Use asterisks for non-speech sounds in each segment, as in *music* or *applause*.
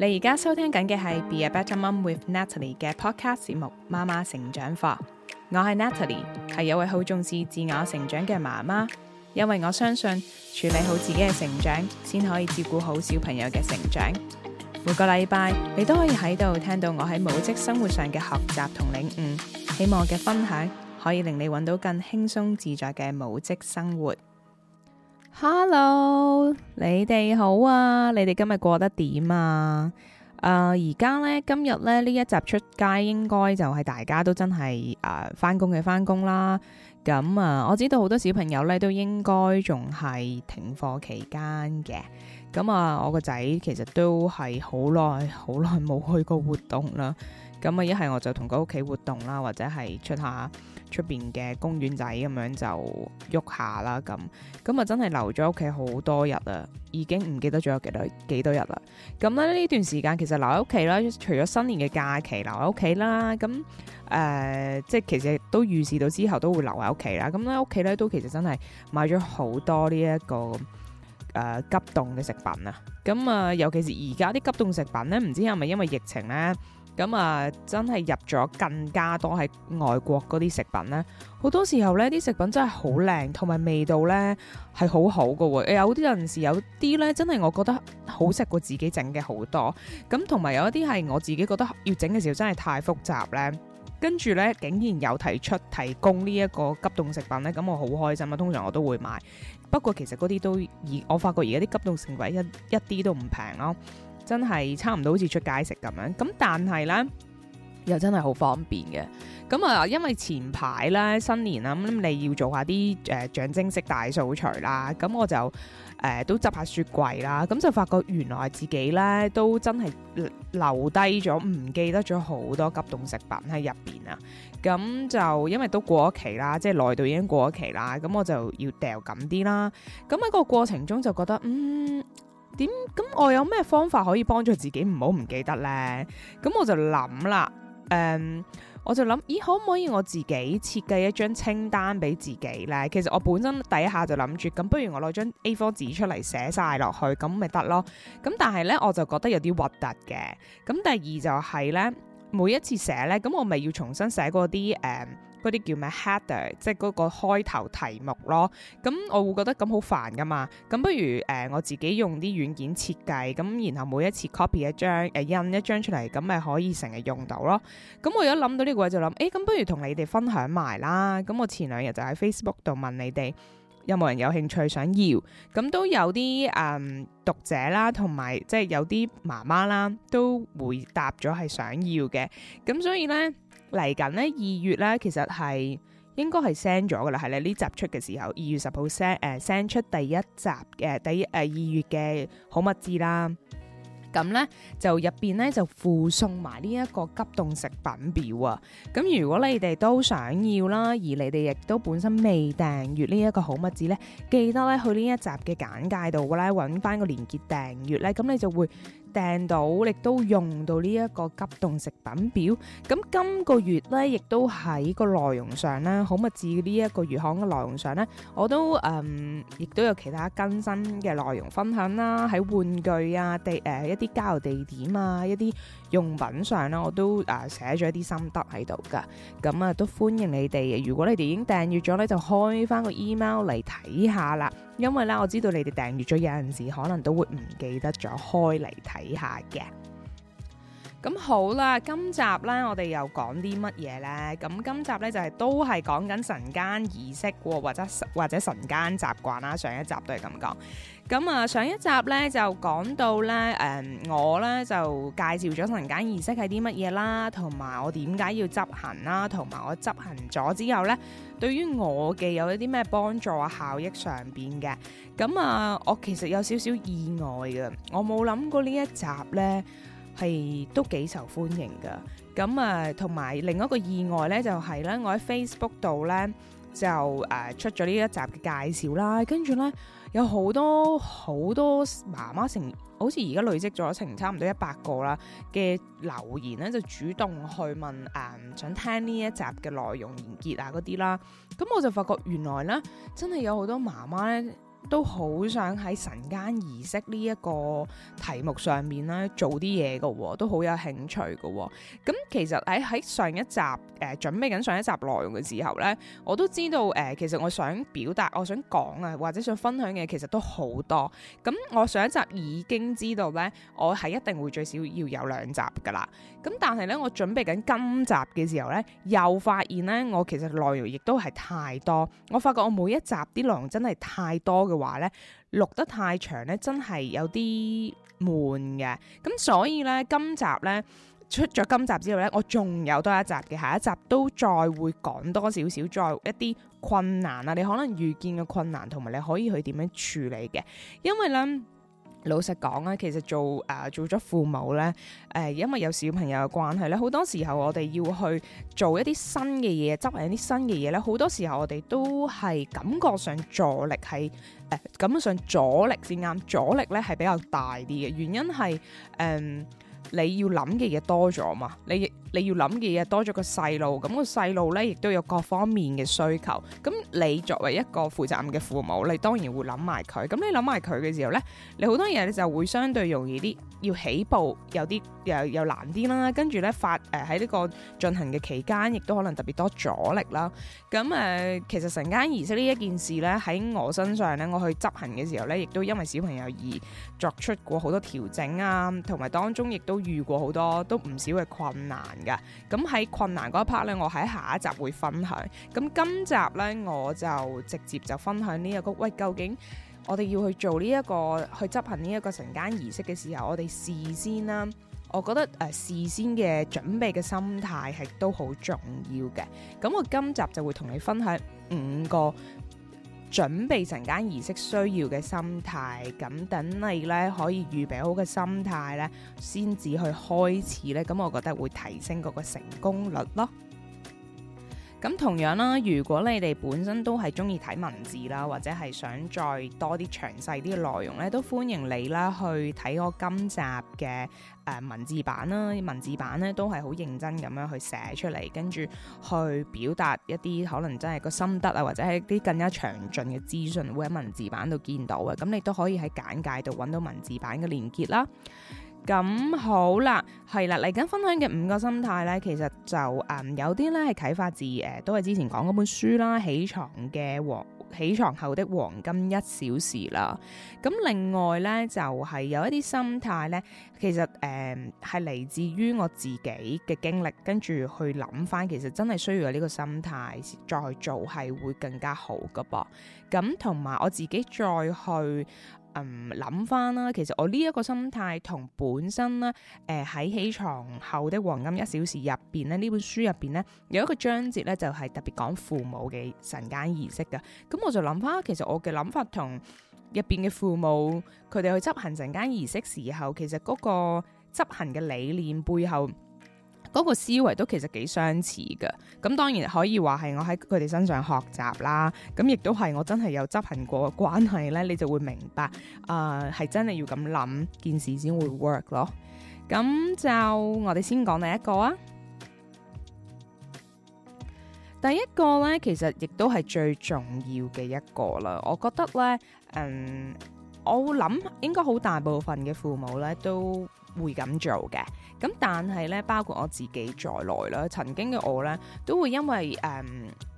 你而家收聽緊嘅係《Be a Better Mom with Natalie》嘅 Podcast 節目《媽媽成長課》，我係 Natalie，係有位好重視自我成長嘅媽媽，因為我相信處理好自己嘅成長，先可以照顧好小朋友嘅成長。每個禮拜你都可以喺度聽到我喺母職生活上嘅學習同領悟，希望我嘅分享可以令你揾到更輕鬆自在嘅母職生活。Hello，你哋好啊！你哋今日過得點啊？誒、呃，而家咧今日咧，呢一集出街，應該就係大家都真係誒翻工嘅翻工啦。咁、嗯、啊，我知道好多小朋友咧都應該仲係停課期間嘅。咁、嗯、啊，我個仔其實都係好耐好耐冇去過活動啦。咁、嗯、啊，一係我就同佢屋企活動啦，或者係出下。出邊嘅公園仔咁樣就喐下啦，咁咁啊真係留咗屋企好多日啊，已經唔記得咗有幾多幾多日啦。咁咧呢段時間其實留喺屋企咧，除咗新年嘅假期留喺屋企啦，咁誒、呃、即係其實都預示到之後都會留喺屋企啦。咁咧屋企咧都其實真係買咗好多呢、這、一個誒、呃、急凍嘅食品啊。咁啊、呃、尤其是而家啲急凍食品咧，唔知係咪因為疫情咧？咁啊，真係入咗更加多係外國嗰啲食品咧，好多時候咧啲食品真係好靚，同埋味道咧係好好㗎喎。有啲陣時有啲咧真係我覺得好食過自己整嘅好多。咁同埋有一啲係我自己覺得要整嘅時候真係太複雜咧。跟住咧竟然有提出提供呢一個急凍食品咧，咁我好開心啊！通常我都會買。不過其實嗰啲都而我發覺而家啲急凍食品一一啲都唔平咯。真係差唔多好似出街食咁樣，咁但係呢，又真係好方便嘅。咁、嗯、啊，因為前排呢，新年啊，咁、嗯、你要做下啲誒象徵式大掃除啦，咁、嗯、我就誒、呃、都執下雪櫃啦，咁、嗯、就發覺原來自己呢都真係留低咗，唔記得咗好多急凍食品喺入邊啊！咁、嗯、就因為都過咗期啦，即係內地已經過咗期啦，咁、嗯、我就要掉緊啲啦。咁、嗯、喺個過程中就覺得嗯。點咁我有咩方法可以幫助自己唔好唔記得呢？咁我就諗啦，誒、嗯，我就諗，咦，可唔可以我自己設計一張清單俾自己呢？其實我本身第一下就諗住，咁不如我攞張 A4 紙出嚟寫晒落去，咁咪得咯。咁但係呢，我就覺得有啲核突嘅。咁第二就係呢，每一次寫呢，咁我咪要重新寫過啲誒。嗯嗰啲叫咩 header，即係嗰個開頭題目咯。咁我會覺得咁好煩噶嘛。咁不如誒、呃，我自己用啲軟件設計，咁然後每一次 copy 一張，誒、呃、印一張出嚟，咁咪可以成日用到咯。咁我一諗到呢個位就，就諗誒，咁不如同你哋分享埋啦。咁我前兩日就喺 Facebook 度問你哋，有冇人有興趣想要？咁都有啲誒、嗯、讀者啦，同埋即係有啲媽媽啦，都回答咗係想要嘅。咁所以呢。嚟緊咧二月咧，其實係應該係 send 咗噶啦，係你呢集出嘅時候，二月十號 send，誒 send 出第一集嘅第一誒二月嘅好物資啦。咁咧就入邊咧就附送埋呢一個急凍食品表啊。咁如果你哋都想要啦，而你哋亦都本身未訂閱呢一個好物資咧，記得咧去呢一集嘅簡介度啦，揾翻個連結訂閱咧，咁你就會。訂到，亦都用到呢一個急凍食品表。咁今個月咧，亦都喺個內容上啦，好物誌呢一個魚行嘅內容上咧，我都誒、嗯，亦都有其他更新嘅內容分享啦。喺玩具啊地誒、呃、一啲郊遊地點啊，一啲用品上咧，我都誒、呃、寫咗一啲心得喺度噶，咁啊都歡迎你哋。如果你哋已經訂閲咗咧，你就開返個 email 嚟睇下啦。因為咧，我知道你哋訂閲咗，有陣時可能都會唔記得咗開嚟睇下嘅。咁好啦，今集呢，我哋又講啲乜嘢呢？咁今集呢，就係、是、都係講緊晨間儀式、哦、或者或者晨間習慣啦。上一集都係咁講。咁啊，上一集呢，就講到呢，誒、呃，我呢，就介紹咗晨間儀式係啲乜嘢啦，同埋我點解要執行啦，同埋我執行咗之後呢，對於我嘅有一啲咩幫助啊效益上邊嘅。咁啊，我其實有少少意外嘅，我冇諗過呢一集呢。係都幾受歡迎㗎，咁啊同埋另一個意外呢，就係、是、呢。我喺 Facebook 度呢，就誒、呃、出咗呢一集嘅介紹啦，跟住呢，有好多好多媽媽成好似而家累積咗成差唔多一百個啦嘅留言呢，就主動去問誒、呃、想聽呢一集嘅內容連結啊嗰啲啦，咁、嗯、我就發覺原來呢，真係有好多媽媽呢，都好想喺晨間儀式呢一個題目上面咧，做啲嘢嘅，都好有興趣嘅。咁其實喺喺上一集誒、呃、準備緊上一集內容嘅時候呢，我都知道誒、呃、其實我想表達、我想講啊或者想分享嘅其實都好多。咁我上一集已經知道呢，我係一定會最少要有兩集噶啦。咁但係呢，我準備緊今集嘅時候呢，又發現呢，我其實內容亦都係太多。我發覺我每一集啲內容真係太多。嘅話咧錄得太長咧，真係有啲悶嘅。咁所以咧，今集咧出咗今集之後咧，我仲有多一集嘅，下一集都再會講多少少，再一啲困難啊，你可能遇見嘅困難，同埋你可以去點樣處理嘅。因為咧。老實講啊，其實做誒、呃、做咗父母咧，誒、呃、因為有小朋友嘅關係咧，好多時候我哋要去做一啲新嘅嘢，執行一啲新嘅嘢咧，好多時候我哋都係感覺上助力係誒、呃、感覺上阻力先啱，阻力咧係比較大啲嘅，原因係誒、呃、你要諗嘅嘢多咗嘛，你。你要諗嘅嘢多咗個細路，咁個細路咧亦都有各方面嘅需求。咁你作為一個負責任嘅父母，你當然會諗埋佢。咁你諗埋佢嘅時候咧，你好多嘢你就會相對容易啲，要起步有啲又又難啲啦。跟住咧發誒喺呢個進行嘅期間，亦都可能特別多阻力啦。咁誒、呃，其實晨間儀式呢一件事咧，喺我身上咧，我去執行嘅時候咧，亦都因為小朋友而作出過好多調整啊，同埋當中亦都遇過好多都唔少嘅困難。噶，咁喺困難嗰一 part 咧，我喺下一集會分享。咁今集咧，我就直接就分享呢、這、一個，喂，究竟我哋要去做呢、這、一個去執行呢一個晨間儀式嘅時候，我哋事先啦，我覺得誒、呃，事先嘅準備嘅心態係都好重要嘅。咁我今集就會同你分享五個。準備晨間儀式需要嘅心態，咁等你呢可以預備好嘅心態呢，先至去開始呢，咁我覺得會提升嗰個成功率咯。咁同樣啦，如果你哋本身都係中意睇文字啦，或者係想再多啲詳細啲嘅內容咧，都歡迎你啦去睇我今集嘅誒文字版啦。文字版咧都係好認真咁樣去寫出嚟，跟住去表達一啲可能真係個心得啊，或者係啲更加詳盡嘅資訊會喺文字版度見到嘅。咁你都可以喺簡介度揾到文字版嘅連結啦。咁好啦，係啦，嚟緊分享嘅五個心態咧，其實就誒、嗯、有啲咧係啟發自誒、呃、都係之前講嗰本書啦，《起床嘅黃，起床後的黃金一小時》啦。咁另外咧就係、是、有一啲心態咧，其實誒係嚟自於我自己嘅經歷，跟住去諗翻，其實真係需要有呢個心態再做係會更加好噶噃。咁同埋我自己再去。嗯，諗翻啦，其實我呢一個心態同本身咧，誒、呃、喺起床後的黃金一小時入邊咧，呢本書入邊咧有一個章節咧，就係、是、特別講父母嘅晨間儀式㗎。咁我就諗翻，其實我嘅諗法同入邊嘅父母佢哋去執行晨間儀式時候，其實嗰個執行嘅理念背後。嗰個思維都其實幾相似噶，咁當然可以話係我喺佢哋身上學習啦，咁亦都係我真係有執行過嘅關係咧，你就會明白，誒、呃、係真係要咁諗件事先會 work 咯。咁就我哋先講第一個啊，第一個咧其實亦都係最重要嘅一個啦，我覺得咧，嗯，我會諗應該好大部分嘅父母咧都會咁做嘅。咁但係咧，包括我自己在內啦，曾經嘅我咧，都會因為誒，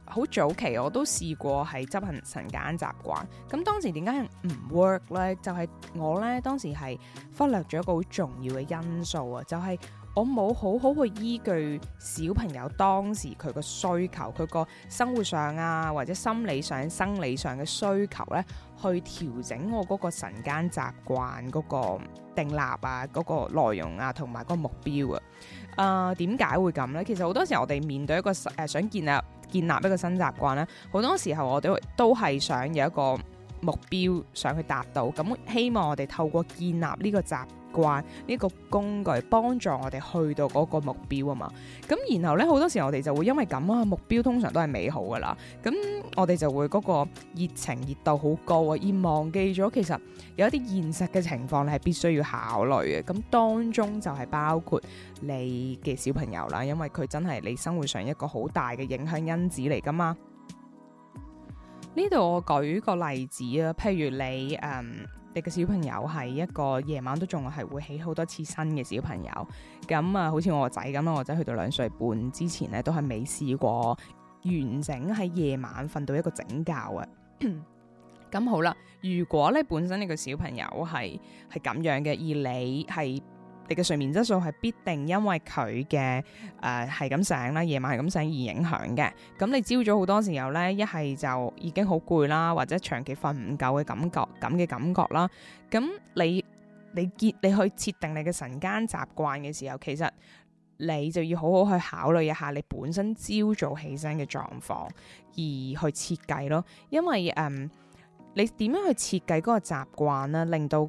好、嗯、早期我都試過係執行晨間習慣。咁當時點解唔 work 咧？就係、是、我咧當時係忽略咗一個好重要嘅因素啊，就係、是。我冇好好去依據小朋友當時佢個需求，佢個生活上啊，或者心理上、生理上嘅需求咧，去調整我嗰個晨間習慣嗰個定立啊，嗰個內容啊，同埋個目標啊。啊、呃，點解會咁咧？其實好多時候我哋面對一個誒、呃、想建立建立一個新習慣咧，好多時候我哋都係想有一個目標想去達到，咁希望我哋透過建立呢個習慣呢、這個工具幫助我哋去到嗰個目標啊嘛，咁然後呢，好多時候我哋就會因為咁啊，目標通常都係美好噶啦，咁我哋就會嗰個熱情熱度好高啊，而忘記咗其實有一啲現實嘅情況你係必須要考慮嘅，咁當中就係包括你嘅小朋友啦，因為佢真係你生活上一個好大嘅影響因子嚟噶嘛。呢度我舉個例子啊，譬如你誒。嗯你嘅小朋友係一個夜晚都仲係會起好多次身嘅小朋友，咁啊，好似我個仔咁咯，我個仔去到兩歲半之前咧，都係未試過完整喺夜晚瞓到一個整覺啊。咁 *coughs* 好啦，如果咧本身你個小朋友係係咁樣嘅，而你係。你嘅睡眠質素係必定因為佢嘅誒係咁醒啦，夜晚係咁醒而影響嘅。咁你朝早好多時候咧，一係就已經好攰啦，或者長期瞓唔夠嘅感覺，咁嘅感覺啦。咁你你你你去設定你嘅晨間習慣嘅時候，其實你就要好好去考慮一下你本身朝早起身嘅狀況，而去設計咯。因為嗯。你點樣去設計嗰個習慣呢？令到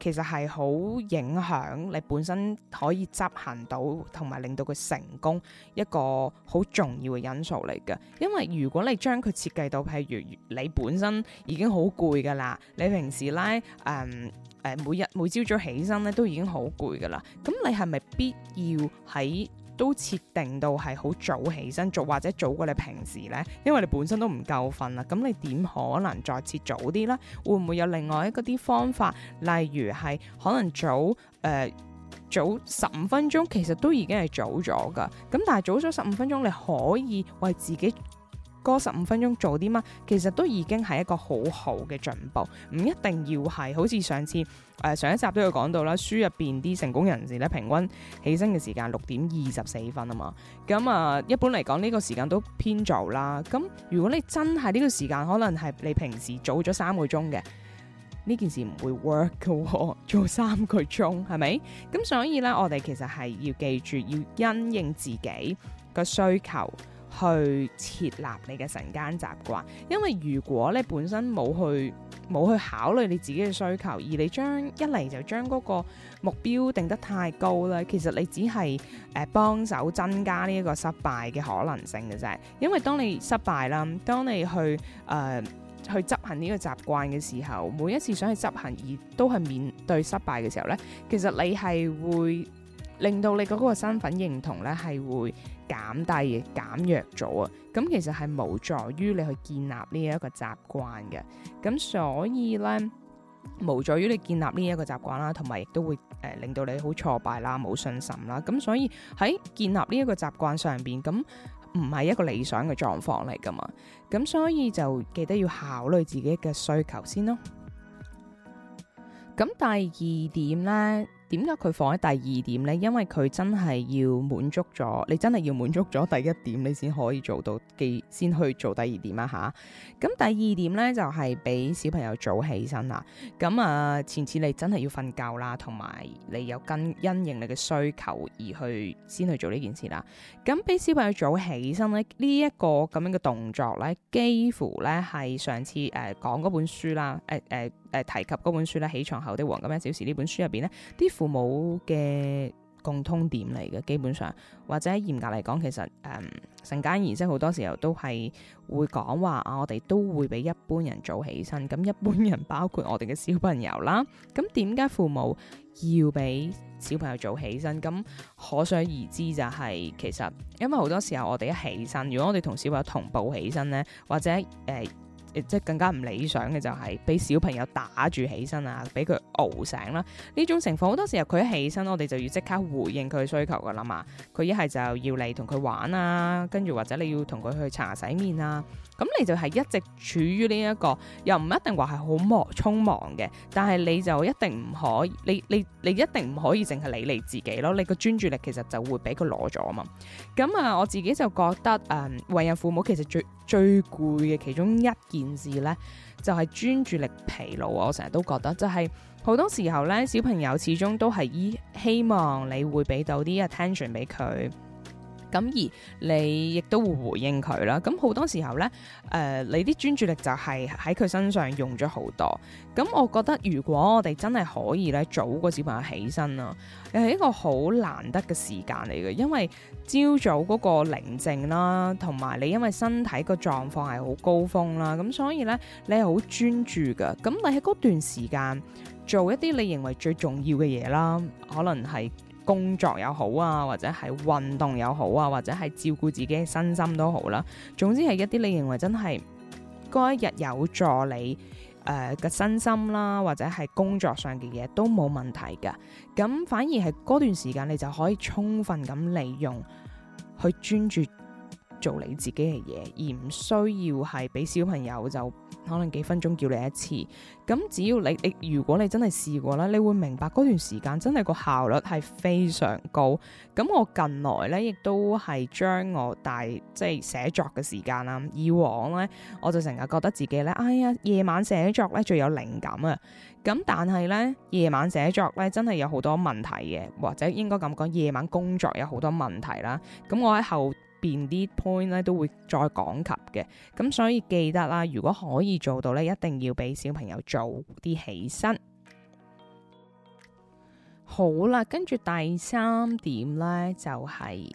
其實係好影響你本身可以執行到，同埋令到佢成功一個好重要嘅因素嚟嘅。因為如果你將佢設計到，譬如你本身已經好攰噶啦，你平時呢，誒、嗯、誒，每日每朝早起身呢，都已經好攰噶啦。咁你係咪必要喺？都設定到係好早起身做，或者早過你平時呢？因為你本身都唔夠瞓啦，咁你點可能再設早啲呢？會唔會有另外一嗰啲方法？例如係可能早誒、呃、早十五分鐘，其實都已經係早咗㗎。咁但係早咗十五分鐘，你可以為自己過十五分鐘做啲乜，其實都已經係一個好好嘅進步，唔一定要係好似上次誒、呃、上一集都有講到啦，書入邊啲成功人士咧平均起身嘅時間六點二十四分啊嘛，咁、嗯、啊、嗯、一般嚟講呢個時間都偏早啦。咁、嗯、如果你真係呢個時間，可能係你平時早咗三個鐘嘅，呢件事唔會 work 㗎、哦，早三個鐘係咪？咁、嗯、所以呢，我哋其實係要記住，要因應自己個需求。去設立你嘅晨間習慣，因為如果你本身冇去冇去考慮你自己嘅需求，而你將一嚟就將嗰個目標定得太高咧，其實你只係誒幫手增加呢一個失敗嘅可能性嘅啫。因為當你失敗啦，當你去誒、呃、去執行呢個習慣嘅時候，每一次想去執行而都係面對失敗嘅時候咧，其實你係會令到你嗰個身份認同咧係會。減低、嘅、減弱咗啊！咁其實係無助於你去建立呢一個習慣嘅，咁所以咧無助於你建立呢一個習慣啦，同埋亦都會誒令到你好挫敗啦、冇信心啦。咁所以喺建立呢一個習慣上邊，咁唔係一個理想嘅狀況嚟噶嘛。咁所以就記得要考慮自己嘅需求先咯。咁第二點咧。點解佢放喺第二點呢？因為佢真係要滿足咗，你真係要滿足咗第一點，你先可以做到，既先去做第二點啦。嚇、啊，咁第二點呢，就係、是、俾小朋友早起身啦。咁、嗯、啊，前次你真係要瞓覺啦，同埋你有跟因應你嘅需求而去先去做呢件事啦。咁、嗯、俾小朋友早起身咧，呢、這、一個咁樣嘅動作呢，幾乎呢係上次誒講嗰本書啦，誒、呃、誒。呃誒提及嗰本書咧，《起床後的黃金一小時》呢本書入邊呢啲父母嘅共通點嚟嘅，基本上或者嚴格嚟講，其實誒晨間儀式好多時候都係會講話啊，我哋都會比一般人早起身。咁一般人包括我哋嘅小朋友啦。咁點解父母要俾小朋友早起身？咁可想而知就係、是、其實，因為好多時候我哋一起身，如果我哋同小朋友同步起身呢，或者誒。呃即係更加唔理想嘅就係俾小朋友打住起身啊，俾佢熬醒啦、啊。呢種情況好多時候佢一起身，我哋就要即刻回應佢需求噶啦嘛。佢一係就要嚟同佢玩啊，跟住或者你要同佢去擦洗面啊。咁你就係一直處於呢一個又唔一定話係好忙匆忙嘅，但係你就一定唔可以，你你你一定唔可以淨係理你自己咯。你個專注力其實就會俾佢攞咗啊嘛。咁啊，我自己就覺得誒、嗯、為人父母其實最最攰嘅其中一件。件事咧就係、是、專注力疲勞，我成日都覺得，就係、是、好多時候咧，小朋友始終都係依希望你會俾到啲 attention 俾佢。咁而你亦都會回應佢啦。咁好多時候呢，誒、呃、你啲專注力就係喺佢身上用咗好多。咁我覺得如果我哋真係可以咧，早個小朋友起身啦，係一個好難得嘅時間嚟嘅，因為朝早嗰個寧靜啦，同埋你因為身體個狀況係好高峰啦，咁所以呢，你係好專注㗎。咁你喺嗰段時間做一啲你認為最重要嘅嘢啦，可能係。工作又好啊，或者係運動又好啊，或者係照顧自己嘅身心都好啦。總之係一啲你認為真係嗰一日有助你誒嘅身心啦，或者係工作上嘅嘢都冇問題㗎。咁反而係嗰段時間，你就可以充分咁利用去專注做你自己嘅嘢，而唔需要係俾小朋友就。可能幾分鐘叫你一次，咁只要你你如果你真係試過啦，你會明白嗰段時間真係個效率係非常高。咁我近來咧亦都係將我大即係寫作嘅時間啦。以往咧我就成日覺得自己咧，哎呀，夜晚寫作咧最有靈感啊。咁但係咧，夜晚寫作咧真係有好多問題嘅，或者應該咁講，夜晚工作有好多問題啦。咁我喺後邊啲 point 咧都會再講及嘅，咁所以記得啦。如果可以做到咧，一定要俾小朋友早啲起身。好啦，跟住第三點咧，就係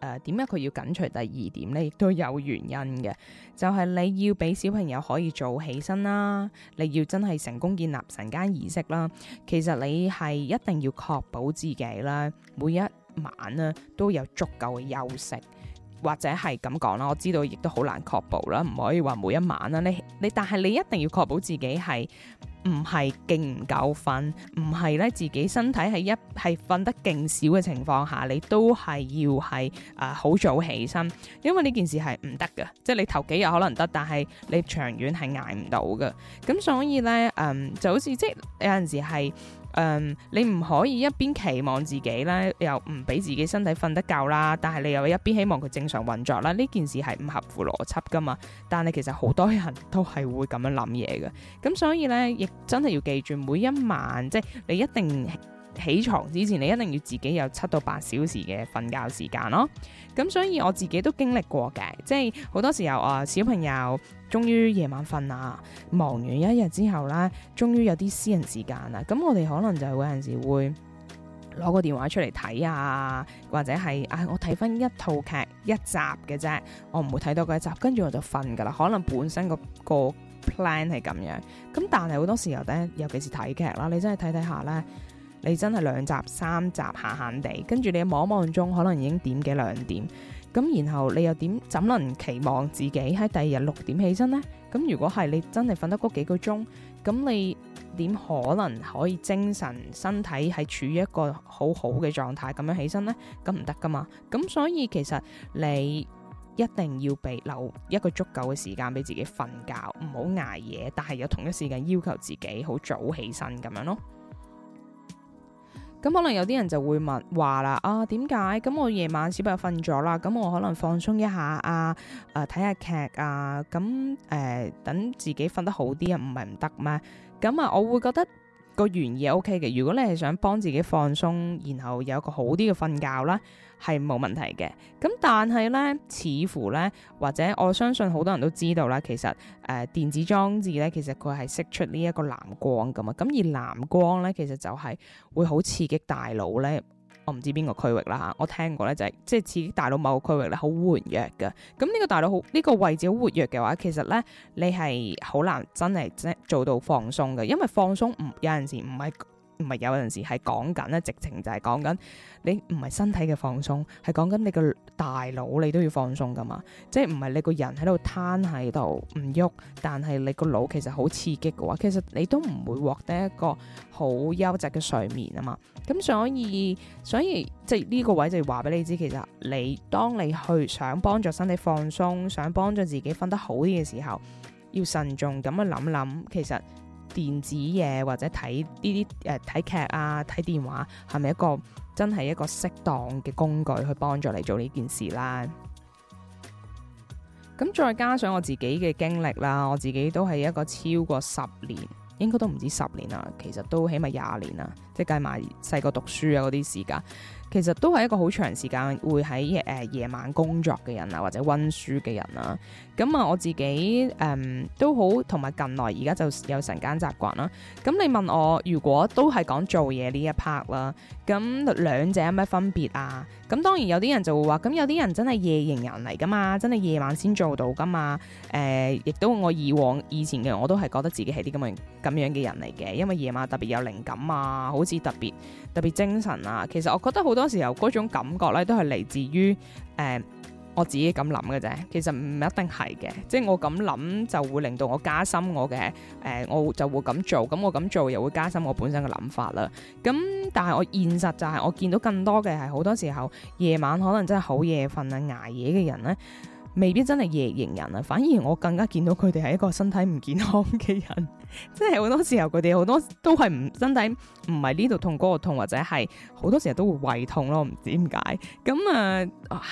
誒點解佢要緊隨第二點咧？亦都有原因嘅，就係、是、你要俾小朋友可以早起身啦。你要真係成功建立晨間儀式啦。其實你係一定要確保自己啦，每一晚咧都有足夠嘅休息。或者係咁講啦，我知道亦都好難確保啦，唔可以話每一晚啦。你你但係你一定要確保自己係唔係勁唔夠瞓，唔係咧自己身體係一係瞓得勁少嘅情況下，你都係要係啊好早起身，因為呢件事係唔得㗎，即係你頭幾日可能得，但係你長遠係捱唔到㗎。咁所以呢，嗯就好似即有陣時係。嗯，你唔可以一邊期望自己啦，又唔俾自己身體瞓得夠啦，但係你又一邊希望佢正常運作啦，呢件事係唔合乎邏輯噶嘛。但係其實好多人都係會咁樣諗嘢嘅，咁所以咧，亦真係要記住每一晚，即係你一定。起床之前，你一定要自己有七到八小時嘅瞓覺時間咯。咁所以我自己都經歷過嘅，即係好多時候啊，小朋友終於夜晚瞓啦，忙完一日之後咧，終於有啲私人時間啦。咁我哋可能就有陣時會攞個電話出嚟睇啊，或者係啊，我睇翻一套劇一集嘅啫，我唔會睇到嗰一集，跟住我就瞓噶啦。可能本身個個 plan 係咁樣，咁但係好多時候咧，尤其是睇劇啦，你真係睇睇下咧。你真係兩集三集閒閒地，跟住你望望鐘，可能已經點幾兩點，咁然後你又點？怎能期望自己喺第二日六點起身呢？咁如果係你真係瞓得嗰幾個鐘，咁你點可能可以精神身體係處於一個好好嘅狀態咁樣起身呢？咁唔得噶嘛？咁所以其實你一定要俾留一個足夠嘅時間俾自己瞓覺，唔好捱夜，但係有同一時間要求自己好早起身咁樣咯。咁可能有啲人就會問話啦，啊點解？咁、啊、我夜晚小朋友瞓咗啦，咁我可能放鬆一下啊，誒睇下劇啊，咁、啊、誒、呃、等自己瞓得好啲啊，唔係唔得咩？咁啊，我會覺得。個原意係 OK 嘅，如果你係想幫自己放鬆，然後有一個好啲嘅瞓覺啦，係冇問題嘅。咁但係呢，似乎呢，或者我相信好多人都知道啦，其實誒、呃、電子裝置呢，其實佢係釋出呢一個藍光㗎嘛。咁而藍光呢，其實就係會好刺激大腦呢。我唔知邊個區域啦嚇，我聽過咧就係即係刺激大腦某個區域咧好活躍噶，咁呢個大腦好呢個位置好活躍嘅話，其實咧你係好難真係即做到放鬆嘅，因為放鬆唔有陣時唔係。唔係有陣時係講緊咧，直情就係講緊你唔係身體嘅放鬆，係講緊你個大腦你都要放鬆㗎嘛。即係唔係你個人喺度攤喺度唔喐，但係你個腦其實好刺激嘅話，其實你都唔會獲得一個好優質嘅睡眠啊嘛。咁所以，所以即係呢個位就話俾你知，其實你當你去想幫助身體放鬆，想幫助自己瞓得好啲嘅時候，要慎重咁樣諗諗，其實。電子嘢，或者睇呢啲，誒，睇劇啊、睇電話，係咪一個真係一個適當嘅工具去幫助你做呢件事啦？咁再加上我自己嘅經歷啦，我自己都係一個超過十年，應該都唔止十年啦，其實都起碼廿年啦，即係計埋細個讀書啊嗰啲時間。其實都係一個好長時間會喺誒夜、呃、夜晚工作嘅人啊，或者溫書嘅人啊。咁、嗯、啊，我自己誒、嗯、都好，同埋近來而家就有晨間習慣啦。咁、嗯、你問我，如果都係講做嘢呢一 part 啦，咁、嗯、兩者有咩分別啊？咁、嗯、當然有啲人就會話，咁、嗯、有啲人真係夜型人嚟噶嘛，真係夜晚先做到噶嘛。誒、嗯，亦都我以往以前嘅我都係覺得自己係啲咁樣咁樣嘅人嚟嘅，因為夜晚特別有靈感啊，好似特別。特別精神啊！其實我覺得好多時候嗰種感覺咧，都係嚟自於誒我自己咁諗嘅啫。其實唔一定係嘅，即係我咁諗就會令到我加深我嘅誒、呃，我就會咁做。咁我咁做又會加深我本身嘅諗法啦。咁但係我現實就係、是、我見到更多嘅係好多時候夜晚可能真係好夜瞓啊捱夜嘅人咧。未必真係夜型人啊，反而我更加見到佢哋係一個身體唔健康嘅人， *laughs* 即係好多時候佢哋好多都係唔身體唔係呢度痛嗰個痛，或者係好多時候都會胃痛咯，唔知點解。咁啊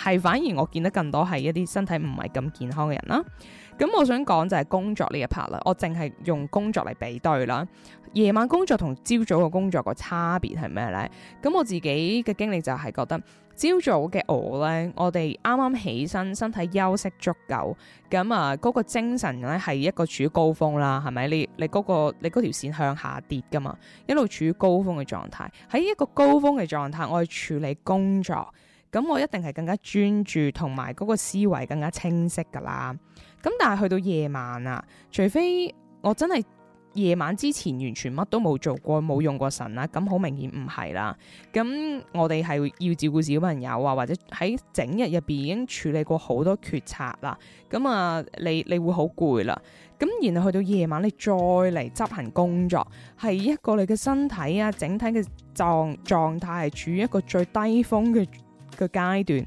係反而我見得更多係一啲身體唔係咁健康嘅人啦。咁我想講就係工作呢一 part 啦，我淨係用工作嚟比對啦。夜晚工作同朝早嘅工作個差別係咩呢？咁我自己嘅經歷就係覺得。朝早嘅我咧，我哋啱啱起身，身體休息足夠，咁啊，嗰個精神咧係一個處於高峰啦，係咪？你你嗰個你條線向下跌噶嘛，一路處於高峰嘅狀態，喺一個高峰嘅狀態，我去處理工作，咁我一定係更加專注同埋嗰個思維更加清晰噶啦。咁但係去到夜晚啊，除非我真係。夜晚之前完全乜都冇做過，冇用過神啦，咁好明顯唔係啦。咁我哋係要照顧小朋友啊，或者喺整日入邊已經處理過好多決策啦。咁啊，你你會好攰啦。咁然後去到夜晚，你再嚟執行工作，係一個你嘅身體啊，整體嘅狀狀態係處於一個最低峰嘅嘅階段。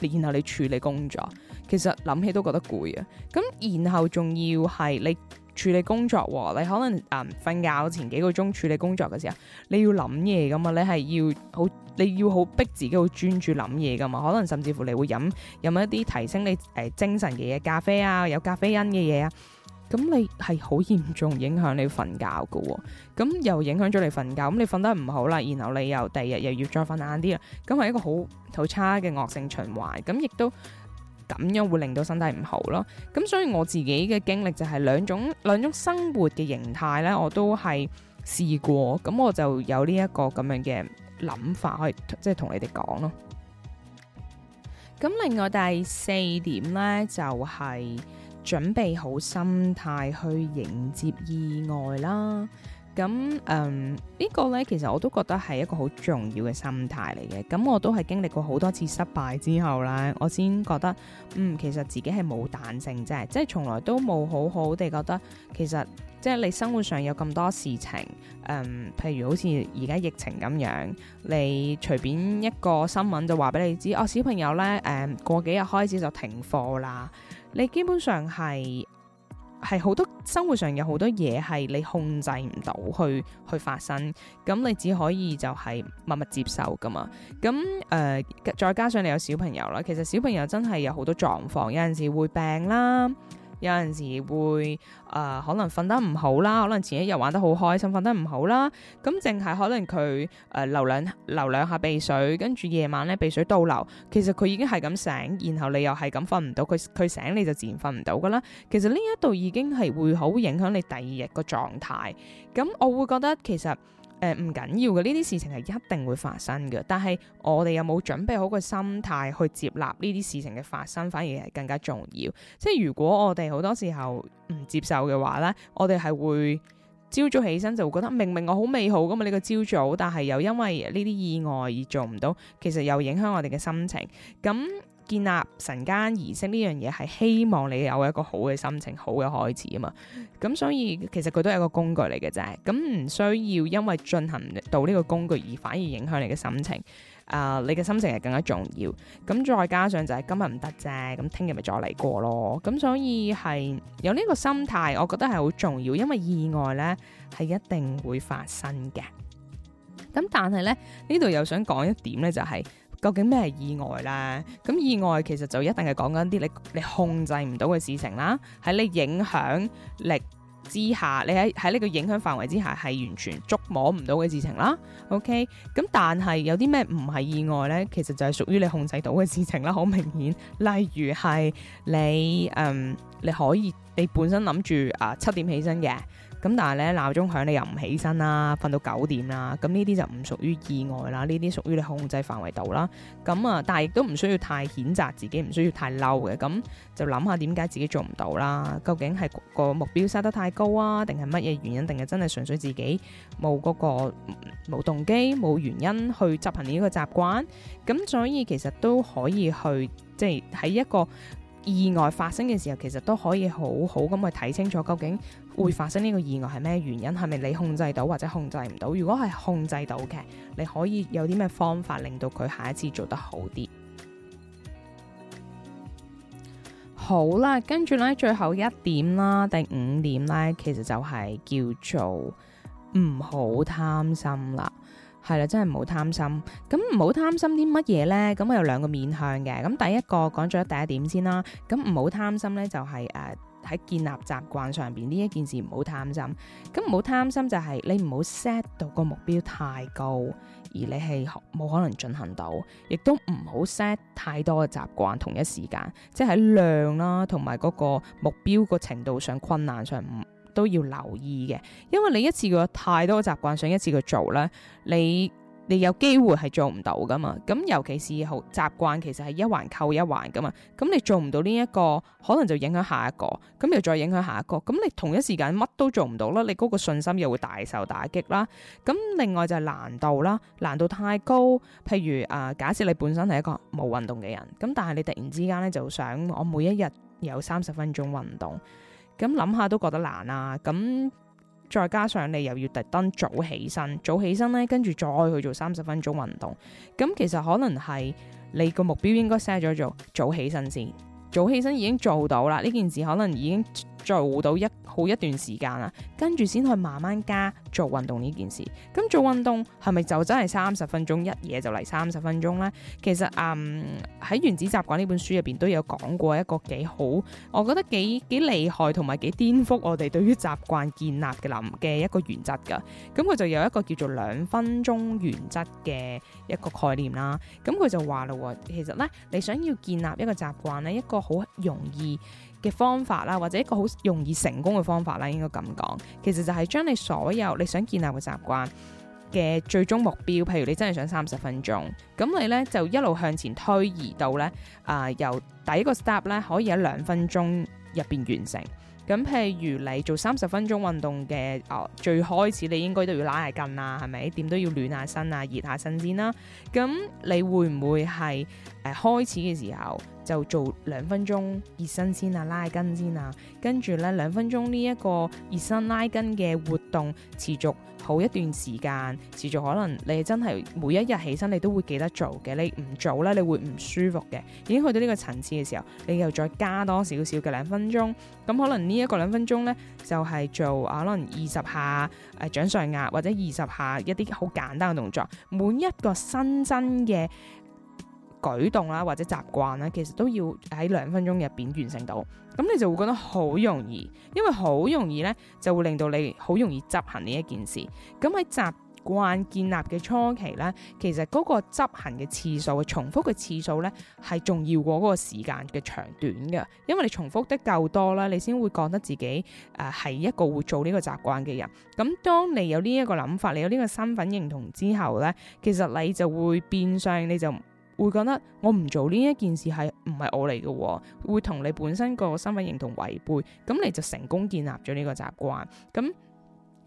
然後你處理工作，其實諗起都覺得攰啊。咁然後仲要係你。處理工作、哦，你可能誒、呃、瞓覺前幾個鐘處理工作嘅時候，你要諗嘢噶嘛？你係要好，你要好逼自己好專注諗嘢噶嘛？可能甚至乎你會飲飲一啲提升你誒、呃、精神嘅嘢，咖啡啊，有咖啡因嘅嘢啊，咁你係好嚴重影響你瞓覺嘅喎、哦。咁又影響咗你瞓覺，咁你瞓得唔好啦，然後你又第二日又要再瞓晏啲啦，咁係一個好好差嘅惡性循環，咁亦都。咁樣會令到身體唔好咯，咁所以我自己嘅經歷就係兩種兩種生活嘅形態咧，我都係試過，咁我就有呢一個咁樣嘅諗法，可以即係同你哋講咯。咁另外第四點呢，就係準備好心態去迎接意外啦。咁嗯，呢個呢，其實我都覺得係一個好重要嘅心態嚟嘅。咁我都係經歷過好多次失敗之後啦，我先覺得嗯，其實自己係冇彈性啫，即係從來都冇好好地覺得其實即係你生活上有咁多事情，嗯，譬如好似而家疫情咁樣，你隨便一個新聞就話俾你知，哦，小朋友呢，誒、嗯，過幾日開始就停課啦，你基本上係。係好多生活上有好多嘢，係你控制唔到，去去發生，咁你只可以就係默默接受噶嘛。咁誒，呃，再加上你有小朋友啦，其實小朋友真係有好多狀況，有陣時會病啦。有陣時會啊、呃，可能瞓得唔好啦，可能前一日玩得好開心，瞓得唔好啦，咁淨係可能佢誒、呃、流兩流兩下鼻水，跟住夜晚咧鼻水倒流，其實佢已經係咁醒，然後你又係咁瞓唔到，佢佢醒你就自然瞓唔到㗎喇，其實呢一度已經係會好影響你第二日個狀態，咁我會覺得其實。誒，唔緊要嘅，呢啲事情係一定會發生嘅，但係我哋有冇準備好個心態去接納呢啲事情嘅發生，反而係更加重要。即係如果我哋好多時候唔接受嘅話咧，我哋係會朝早起身就會覺得明明我好美好噶嘛，呢個朝早，但係又因為呢啲意外而做唔到，其實又影響我哋嘅心情。咁建立晨間儀式呢樣嘢，係希望你有一個好嘅心情，好嘅開始啊嘛，咁所以其實佢都係一個工具嚟嘅啫，咁唔需要因為進行到呢個工具而反而影響你嘅心情，啊，呃，你嘅心情係更加重要。咁再加上就係今日唔得啫，咁聽日咪再嚟過咯，咁所以係有呢個心態，我覺得係好重要，因為意外呢係一定會發生嘅。咁但係呢，呢度又想講一點呢，就是，就係。究竟咩係意外呢？咁意外其實就一定係講緊啲你你控制唔到嘅事情啦，喺你影響力之下，你喺喺呢個影響範圍之下係完全捉摸唔到嘅事情啦。OK，咁但係有啲咩唔係意外咧？其實就係屬於你控制到嘅事情啦。好明顯，例如係你嗯、呃，你可以你本身諗住啊七點起身嘅。咁但係咧，鬧鐘響你又唔起身啦，瞓到九點啦，咁呢啲就唔屬於意外啦，呢啲屬於你控制範圍度啦。咁啊，但係亦都唔需要太譴責自己，唔需要太嬲嘅。咁就諗下點解自己做唔到啦？究竟係個目標 set 得太高啊？定係乜嘢原因？定係真係純粹自己冇嗰個冇動機、冇原因去執行呢一個習慣？咁所以其實都可以去即係喺一個。意外發生嘅時候，其實都可以好好咁去睇清楚，究竟會發生呢個意外係咩原因？係咪、嗯、你控制到或者控制唔到？如果係控制到嘅，你可以有啲咩方法令到佢下一次做得好啲？好啦，跟住咧最後一點啦，第五點咧，其實就係叫做唔好貪心啦。係啦，真係唔好貪心。咁唔好貪心啲乜嘢呢？咁我有兩個面向嘅。咁第一個講咗第一點先啦。咁唔好貪心呢、就是，就係誒喺建立習慣上邊呢一件事唔好貪心。咁唔好貪心就係你唔好 set 到個目標太高，而你係冇可能進行到。亦都唔好 set 太多嘅習慣同一時間，即係喺量啦，同埋嗰個目標個程度上困難上唔都要留意嘅，因為你一次過太多習慣，想一次去做咧，你你有機會係做唔到噶嘛。咁尤其是好習慣，其實係一環扣一環噶嘛。咁你做唔到呢一個，可能就影響下一個，咁又再影響下一個。咁你同一時間乜都做唔到啦，你嗰個信心又會大受打擊啦。咁另外就係難度啦，難度太高。譬如啊，呃，假設你本身係一個冇運動嘅人，咁但係你突然之間咧，就想我每一日有三十分鐘運動。咁諗下都覺得難啦，咁再加上你又要特登早起身，早起身咧，跟住再去做三十分鐘運動，咁其實可能係你個目標應該 set 咗做早起身先，早起身已經做到啦，呢件事可能已經。做到一好一段時間啦，跟住先去慢慢加做運動呢件事。咁做運動係咪就真係三十分鐘一嘢就嚟三十分鐘呢？其實嗯喺原子習慣呢本書入邊都有講過一個幾好，我覺得幾幾厲害同埋幾顛覆我哋對於習慣建立嘅諗嘅一個原則噶。咁佢就有一個叫做兩分鐘原則嘅一個概念啦。咁佢就話嘞喎，其實呢，你想要建立一個習慣呢一個好容易嘅方法啦，或者一個好容易成功嘅方法啦，應該咁講。其實就係將你所有你想建立嘅習慣嘅最終目標，譬如你真係想三十分鐘，咁你咧就一路向前推移到咧啊、呃、由第一個 step 咧可以喺兩分鐘入邊完成。咁譬如你做三十分鐘運動嘅哦，最開始你應該都要拉下筋啊，係咪？點都要暖下身啊，熱下身先啦，啊。咁你會唔會係誒、呃、開始嘅時候？就做兩分鐘熱身先啊，拉筋先啊，跟住咧兩分鐘呢一個熱身拉筋嘅活動持續好一段時間，持續可能你真係每一日起身你都會記得做嘅，你唔做咧你會唔舒服嘅。已經去到呢個層次嘅時候，你又再加多少少嘅兩分鐘，咁可能呢一個兩分鐘呢，就係做可能二十下誒掌上壓或者二十下一啲好簡單嘅動作，每一個新增嘅。舉動啦，或者習慣啦，其實都要喺兩分鐘入邊完成到，咁你就會覺得好容易，因為好容易呢，就會令到你好容易執行呢一件事。咁喺習慣建立嘅初期呢，其實嗰個執行嘅次數重複嘅次數呢，係重要過嗰個時間嘅長短嘅，因為你重複得夠多啦，你先會覺得自己誒係，呃，一個會做呢個習慣嘅人。咁當你有呢一個諗法，你有呢個身份認同之後呢，其實你就會變相你就。會覺得我唔做呢一件事係唔係我嚟嘅，會同你本身個身份認同違背，咁你就成功建立咗呢個習慣，咁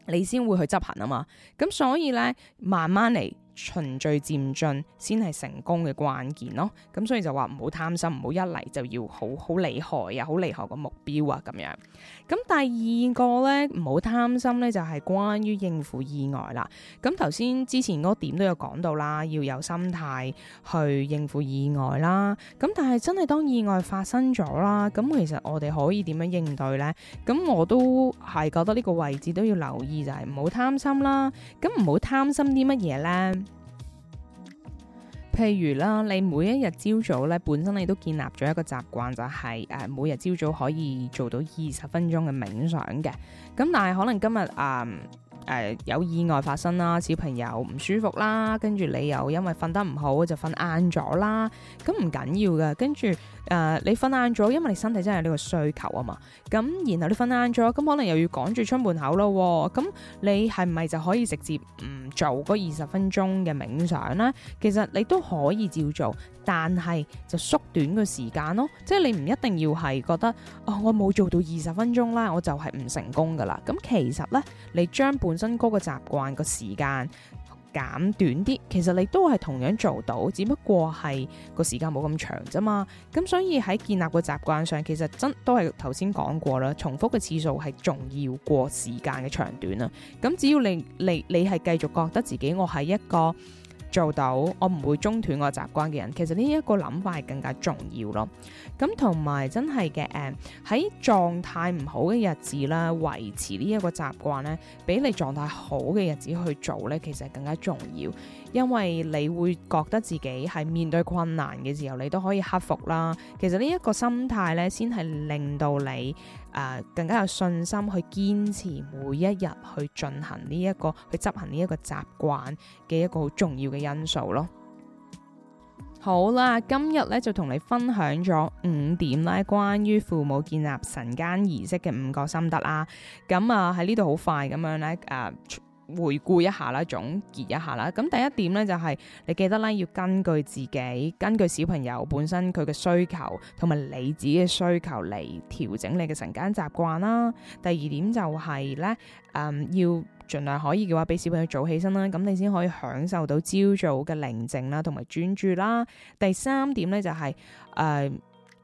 你先會去執行啊嘛，咁所以咧，慢慢嚟。循序漸進先係成功嘅關鍵咯，咁所以就話唔好貪心，唔好一嚟就要好好厲害啊，好厲害個目標啊咁樣。咁第二個咧，唔好貪心咧，就係關於應付意外啦。咁頭先之前嗰點都有講到啦，要有心態去應付意外啦。咁但係真係當意外發生咗啦，咁其實我哋可以點樣應對呢？咁我都係覺得呢個位置都要留意，就係唔好貪心啦。咁唔好貪心啲乜嘢呢？譬如啦，你每一日朝早咧，本身你都建立咗一個習慣，就係、是、誒、呃，每日朝早可以做到二十分鐘嘅冥想嘅。咁但係可能今日啊，誒有意外發生啦，小朋友唔舒服啦，跟住你又因為瞓得唔好就瞓晏咗啦，咁唔緊要㗎，跟住。誒，uh, 你瞓晏咗，因為你身體真係有呢個需求啊嘛。咁然後你瞓晏咗，咁可能又要趕住出門口咯。咁、啊、你係咪就可以直接唔做嗰二十分鐘嘅冥想呢？其實你都可以照做，但係就縮短個時間咯。即係你唔一定要係覺得哦，我冇做到二十分鐘啦，我就係唔成功噶啦。咁其實呢，你將本身嗰個習慣個時間，減短啲，其實你都係同樣做到，只不過係個時間冇咁長啫嘛。咁所以喺建立個習慣上，其實真都係頭先講過啦，重複嘅次數係重要過時間嘅長短啦。咁只要你你你係繼續覺得自己我係一個，做到我唔會中斷我習慣嘅人，其實呢一個諗法係更加重要咯。咁同埋真係嘅，誒喺狀態唔好嘅日子啦，維持呢一個習慣咧，比你狀態好嘅日子去做咧，其實更加重要，因為你會覺得自己係面對困難嘅時候，你都可以克服啦。其實呢一個心態咧，先係令到你。誒、uh, 更加有信心去堅持每一日去進行呢、這、一個去執行呢一個習慣嘅一個好重要嘅因素咯。好啦，今日咧就同你分享咗五點咧，關於父母建立晨間儀式嘅五個心得啦。咁啊喺呢度好快咁樣咧誒。啊回顧一下啦，總結一下啦。咁第一點咧就係、是、你記得咧要根據自己，根據小朋友本身佢嘅需求同埋你自己嘅需求嚟調整你嘅晨間習慣啦。第二點就係、是、咧，誒、呃，要盡量可以嘅話俾小朋友早起身啦，咁你先可以享受到朝早嘅寧靜啦同埋專注啦。第三點咧就係、是、誒。呃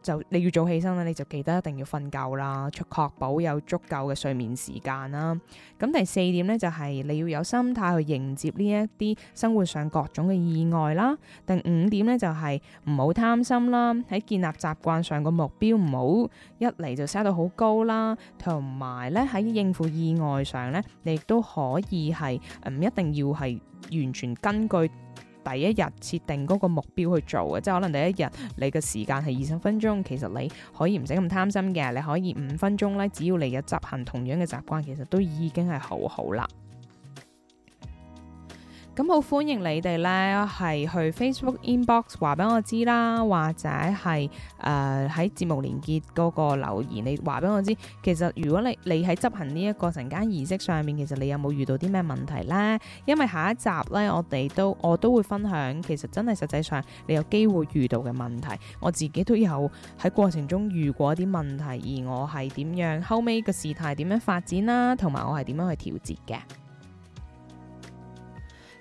就你要早起身啦，你就記得一定要瞓覺啦，確保有足夠嘅睡眠時間啦。咁第四點咧就係、是、你要有心態去迎接呢一啲生活上各種嘅意外啦。第五點咧就係唔好貪心啦，喺建立習慣上個目標唔好一嚟就 set 到好高啦。同埋咧喺應付意外上咧，你亦都可以係唔一定要係完全根據。第一日設定嗰個目標去做嘅，即係可能第一日你嘅時間係二十分鐘，其實你可以唔使咁貪心嘅，你可以五分鐘呢，只要你有執行同樣嘅習慣，其實都已經係好好啦。咁好歡迎你哋咧，係去 Facebook Inbox 話俾我知啦，或者係誒喺節目連結嗰個留言，你話俾我知。其實如果你你喺執行呢一個晨間儀式上面，其實你有冇遇到啲咩問題呢？因為下一集呢，我哋都我都會分享，其實真係實際上你有機會遇到嘅問題，我自己都有喺過程中遇過一啲問題，而我係點樣後尾嘅事態點樣發展啦，同埋我係點樣去調節嘅。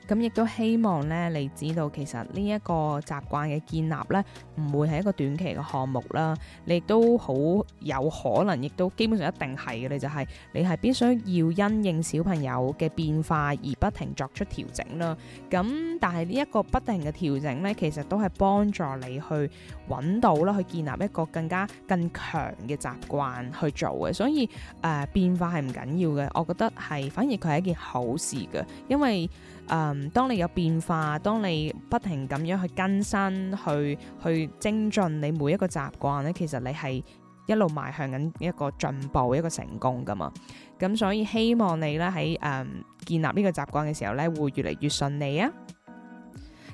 咁亦都希望咧，你知道其實呢一個習慣嘅建立咧，唔會係一個短期嘅項目啦。你都好有可能，亦都基本上一定係嘅。就係、你就係你係必須要因應小朋友嘅變化而不停作出調整啦。咁但係呢一個不停嘅調整咧，其實都係幫助你去揾到啦，去建立一個更加更強嘅習慣去做嘅。所以誒、呃，變化係唔緊要嘅，我覺得係反而佢係一件好事嘅，因為，誒，um, 當你有變化，當你不停咁樣去更新、去去精進你每一個習慣咧，其實你係一路邁向緊一個進步、一個成功㗎嘛。咁所以希望你咧喺誒建立呢個習慣嘅時候咧，會越嚟越順利啊！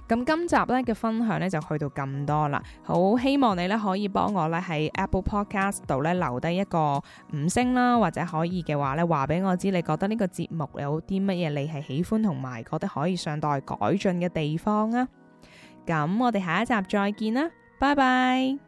咁今集咧嘅分享咧就去到咁多啦，好希望你咧可以幫我咧喺 Apple Podcast 度咧留低一個五星啦，或者可以嘅話咧話俾我知你覺得呢個節目有啲乜嘢你係喜歡同埋覺得可以尚待改進嘅地方啊？咁我哋下一集再見啦，拜拜。